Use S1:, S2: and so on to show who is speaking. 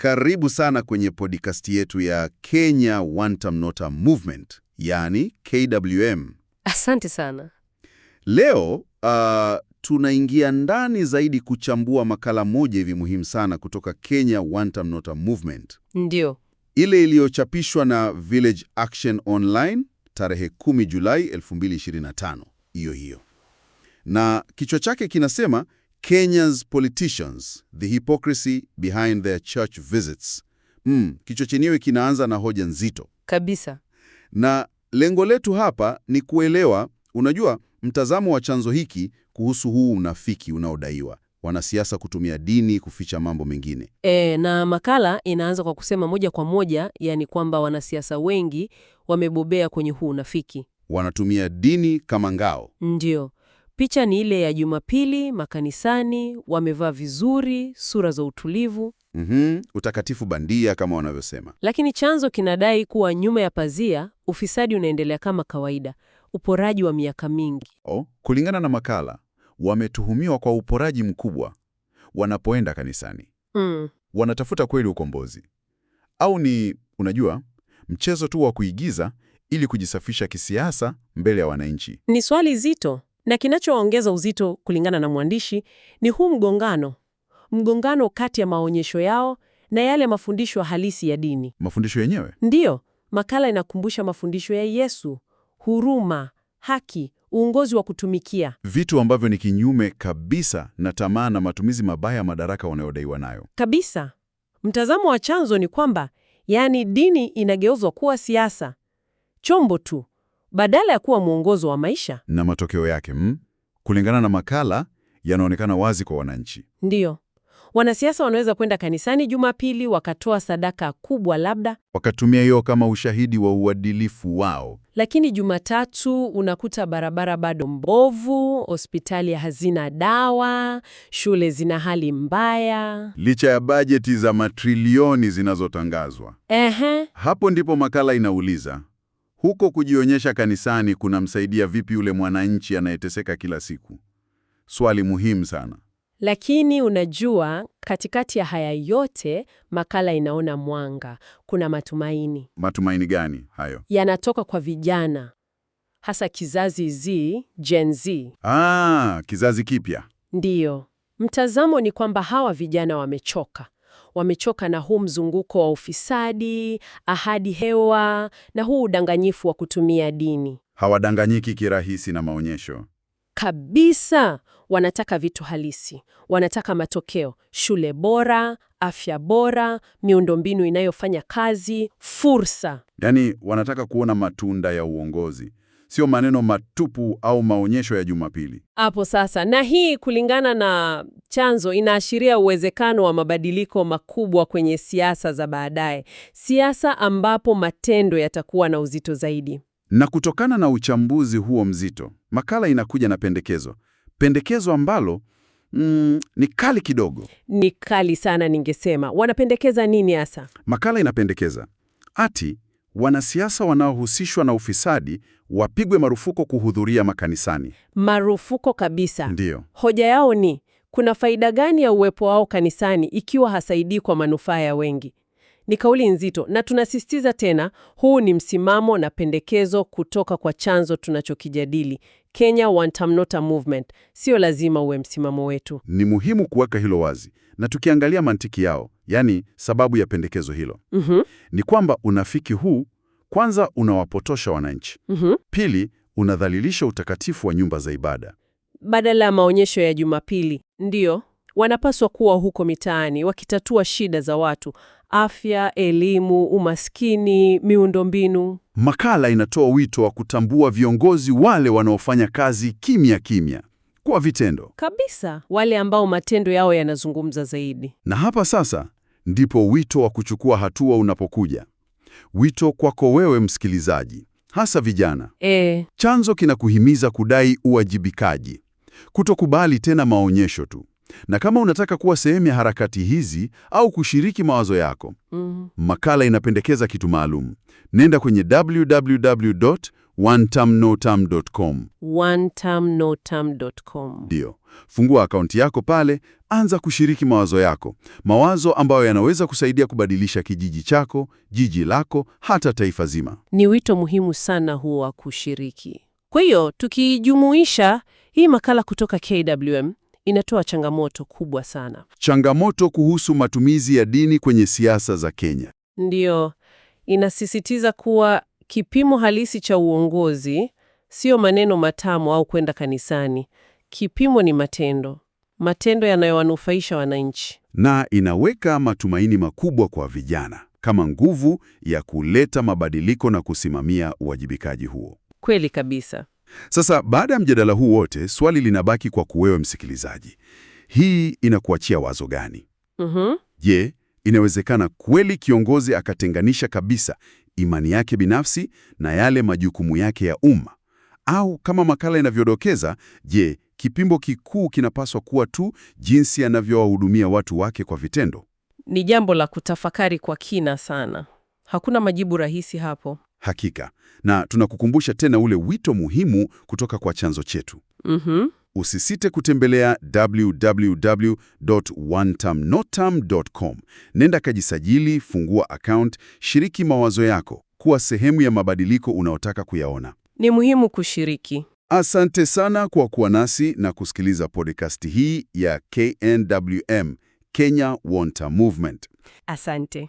S1: Karibu sana kwenye podcast yetu ya Kenya Wantam Nota Movement, yani KWM.
S2: Asante sana.
S1: Leo uh, tunaingia ndani zaidi kuchambua makala moja hivi muhimu sana kutoka Kenya Wantam Nota Movement. Ndio. Ile iliyochapishwa na Village Action Online tarehe 10 Julai 2025, hiyo hiyo. Na kichwa chake kinasema Kenya's politicians the hypocrisy behind their church visits. Mm, kichwa chenyewe kinaanza na hoja nzito kabisa, na lengo letu hapa ni kuelewa, unajua, mtazamo wa chanzo hiki kuhusu huu unafiki unaodaiwa wanasiasa kutumia dini kuficha mambo mengine.
S2: E, na makala inaanza kwa kusema moja kwa moja, yani kwamba wanasiasa wengi wamebobea kwenye huu unafiki,
S1: wanatumia dini kama ngao.
S2: Ndio, Picha ni ile ya Jumapili makanisani, wamevaa vizuri, sura za utulivu.
S1: Mm -hmm, utakatifu bandia kama wanavyosema.
S2: Lakini chanzo kinadai kuwa nyuma ya pazia ufisadi unaendelea kama kawaida, uporaji wa miaka mingi.
S1: Oh, kulingana na makala wametuhumiwa kwa uporaji mkubwa wanapoenda kanisani. Mm. Wanatafuta kweli ukombozi au ni, unajua, mchezo tu wa kuigiza ili kujisafisha kisiasa mbele ya wananchi?
S2: Ni swali zito na kinachoongeza uzito kulingana na mwandishi ni huu mgongano, mgongano kati ya maonyesho yao na yale mafundisho halisi ya dini.
S1: Mafundisho yenyewe
S2: ndiyo makala inakumbusha mafundisho ya Yesu: huruma, haki, uongozi wa kutumikia,
S1: vitu ambavyo ni kinyume kabisa na tamaa na matumizi mabaya ya madaraka wanayodaiwa nayo
S2: kabisa. Mtazamo wa chanzo ni kwamba, yaani, dini inageuzwa kuwa siasa, chombo tu badala ya kuwa mwongozo wa maisha.
S1: Na matokeo yake mm, kulingana na makala yanaonekana wazi kwa wananchi.
S2: Ndiyo, wanasiasa wanaweza kwenda kanisani Jumapili wakatoa sadaka kubwa, labda
S1: wakatumia hiyo kama ushahidi wa uadilifu wao,
S2: lakini Jumatatu unakuta barabara bado mbovu, hospitali hazina dawa, shule zina hali mbaya,
S1: licha ya bajeti za matrilioni zinazotangazwa. Ehe, hapo ndipo makala inauliza huko kujionyesha kanisani kunamsaidia vipi yule mwananchi anayeteseka kila siku? Swali muhimu sana.
S2: Lakini unajua, katikati ya haya yote, makala inaona mwanga. Kuna matumaini.
S1: Matumaini gani hayo?
S2: Yanatoka kwa vijana, hasa kizazi Z, Gen Z.
S1: Ah, kizazi kipya.
S2: Ndiyo. Mtazamo ni kwamba hawa vijana wamechoka wamechoka na huu mzunguko wa ufisadi, ahadi hewa na huu udanganyifu wa kutumia dini.
S1: Hawadanganyiki kirahisi na maonyesho
S2: kabisa. Wanataka vitu halisi, wanataka matokeo: shule bora, afya bora, miundombinu inayofanya kazi, fursa.
S1: Yaani wanataka kuona matunda ya uongozi, sio maneno matupu au maonyesho ya Jumapili.
S2: Hapo sasa, na hii kulingana na chanzo inaashiria uwezekano wa mabadiliko makubwa kwenye siasa za baadaye, siasa ambapo matendo yatakuwa na uzito zaidi.
S1: Na kutokana na uchambuzi huo mzito, makala inakuja na pendekezo, pendekezo ambalo Mm, ni kali kidogo.
S2: Ni kali sana ningesema. Wanapendekeza nini hasa?
S1: Makala inapendekeza ati wanasiasa wanaohusishwa na ufisadi wapigwe marufuku kuhudhuria makanisani.
S2: Marufuku kabisa. Ndiyo. Hoja yao ni kuna faida gani ya uwepo wao kanisani ikiwa hasaidii kwa manufaa ya wengi? Ni kauli nzito, na tunasisitiza tena, huu ni msimamo na pendekezo kutoka kwa chanzo tunachokijadili, Kenya Wantamnotam Movement. Sio lazima uwe msimamo wetu.
S1: Ni muhimu kuweka hilo wazi, na tukiangalia mantiki yao, yani sababu ya pendekezo hilo mm -hmm. ni kwamba unafiki huu kwanza unawapotosha wananchi mm -hmm. Pili, unadhalilisha utakatifu wa nyumba za ibada
S2: badala ya maonyesho ya Jumapili. Ndiyo, wanapaswa kuwa huko mitaani wakitatua shida za watu: afya, elimu, umaskini, miundombinu.
S1: Makala inatoa wito wa kutambua viongozi wale wanaofanya kazi kimya kimya kwa vitendo
S2: kabisa, wale ambao matendo yao yanazungumza zaidi.
S1: Na hapa sasa ndipo wito wa kuchukua hatua unapokuja. Wito kwako wewe msikilizaji, hasa vijana e. Chanzo kinakuhimiza kudai uwajibikaji, kutokubali tena maonyesho tu. Na kama unataka kuwa sehemu ya harakati hizi au kushiriki mawazo yako mm -hmm. makala inapendekeza kitu maalum. Nenda kwenye www Onetermnoterm.com. Ndio, fungua akaunti yako pale, anza kushiriki mawazo yako, mawazo ambayo yanaweza kusaidia kubadilisha kijiji chako, jiji lako, hata taifa zima.
S2: Ni wito muhimu sana huo wa kushiriki. Kwa hiyo tukijumuisha hii makala kutoka KWM inatoa changamoto kubwa sana.
S1: Changamoto kuhusu matumizi ya dini kwenye siasa za Kenya.
S2: Ndiyo, inasisitiza kuwa kipimo halisi cha uongozi sio maneno matamu au kwenda kanisani. Kipimo ni matendo, matendo yanayowanufaisha wananchi,
S1: na inaweka matumaini makubwa kwa vijana kama nguvu ya kuleta mabadiliko na kusimamia uwajibikaji huo.
S2: Kweli kabisa.
S1: Sasa baada ya mjadala huu wote, swali linabaki kwa kuwewe msikilizaji, hii inakuachia wazo gani? Mm-hmm. Je, mm -hmm. Inawezekana kweli kiongozi akatenganisha kabisa imani yake binafsi na yale majukumu yake ya umma? Au kama makala inavyodokeza, je, kipimbo kikuu kinapaswa kuwa tu jinsi anavyowahudumia watu wake kwa vitendo?
S2: Ni jambo la kutafakari kwa kina sana. Hakuna majibu rahisi hapo.
S1: Hakika, na tunakukumbusha tena ule wito muhimu kutoka kwa chanzo chetu. mm -hmm. Usisite kutembelea com Nenda kajisajili, fungua account, shiriki mawazo yako, kuwa sehemu ya mabadiliko unaotaka kuyaona.
S2: Ni muhimu kushiriki.
S1: Asante sana kwa kuwa nasi na kusikiliza podcast hii ya KNWM, Kenya Wantam Movement.
S2: Asante.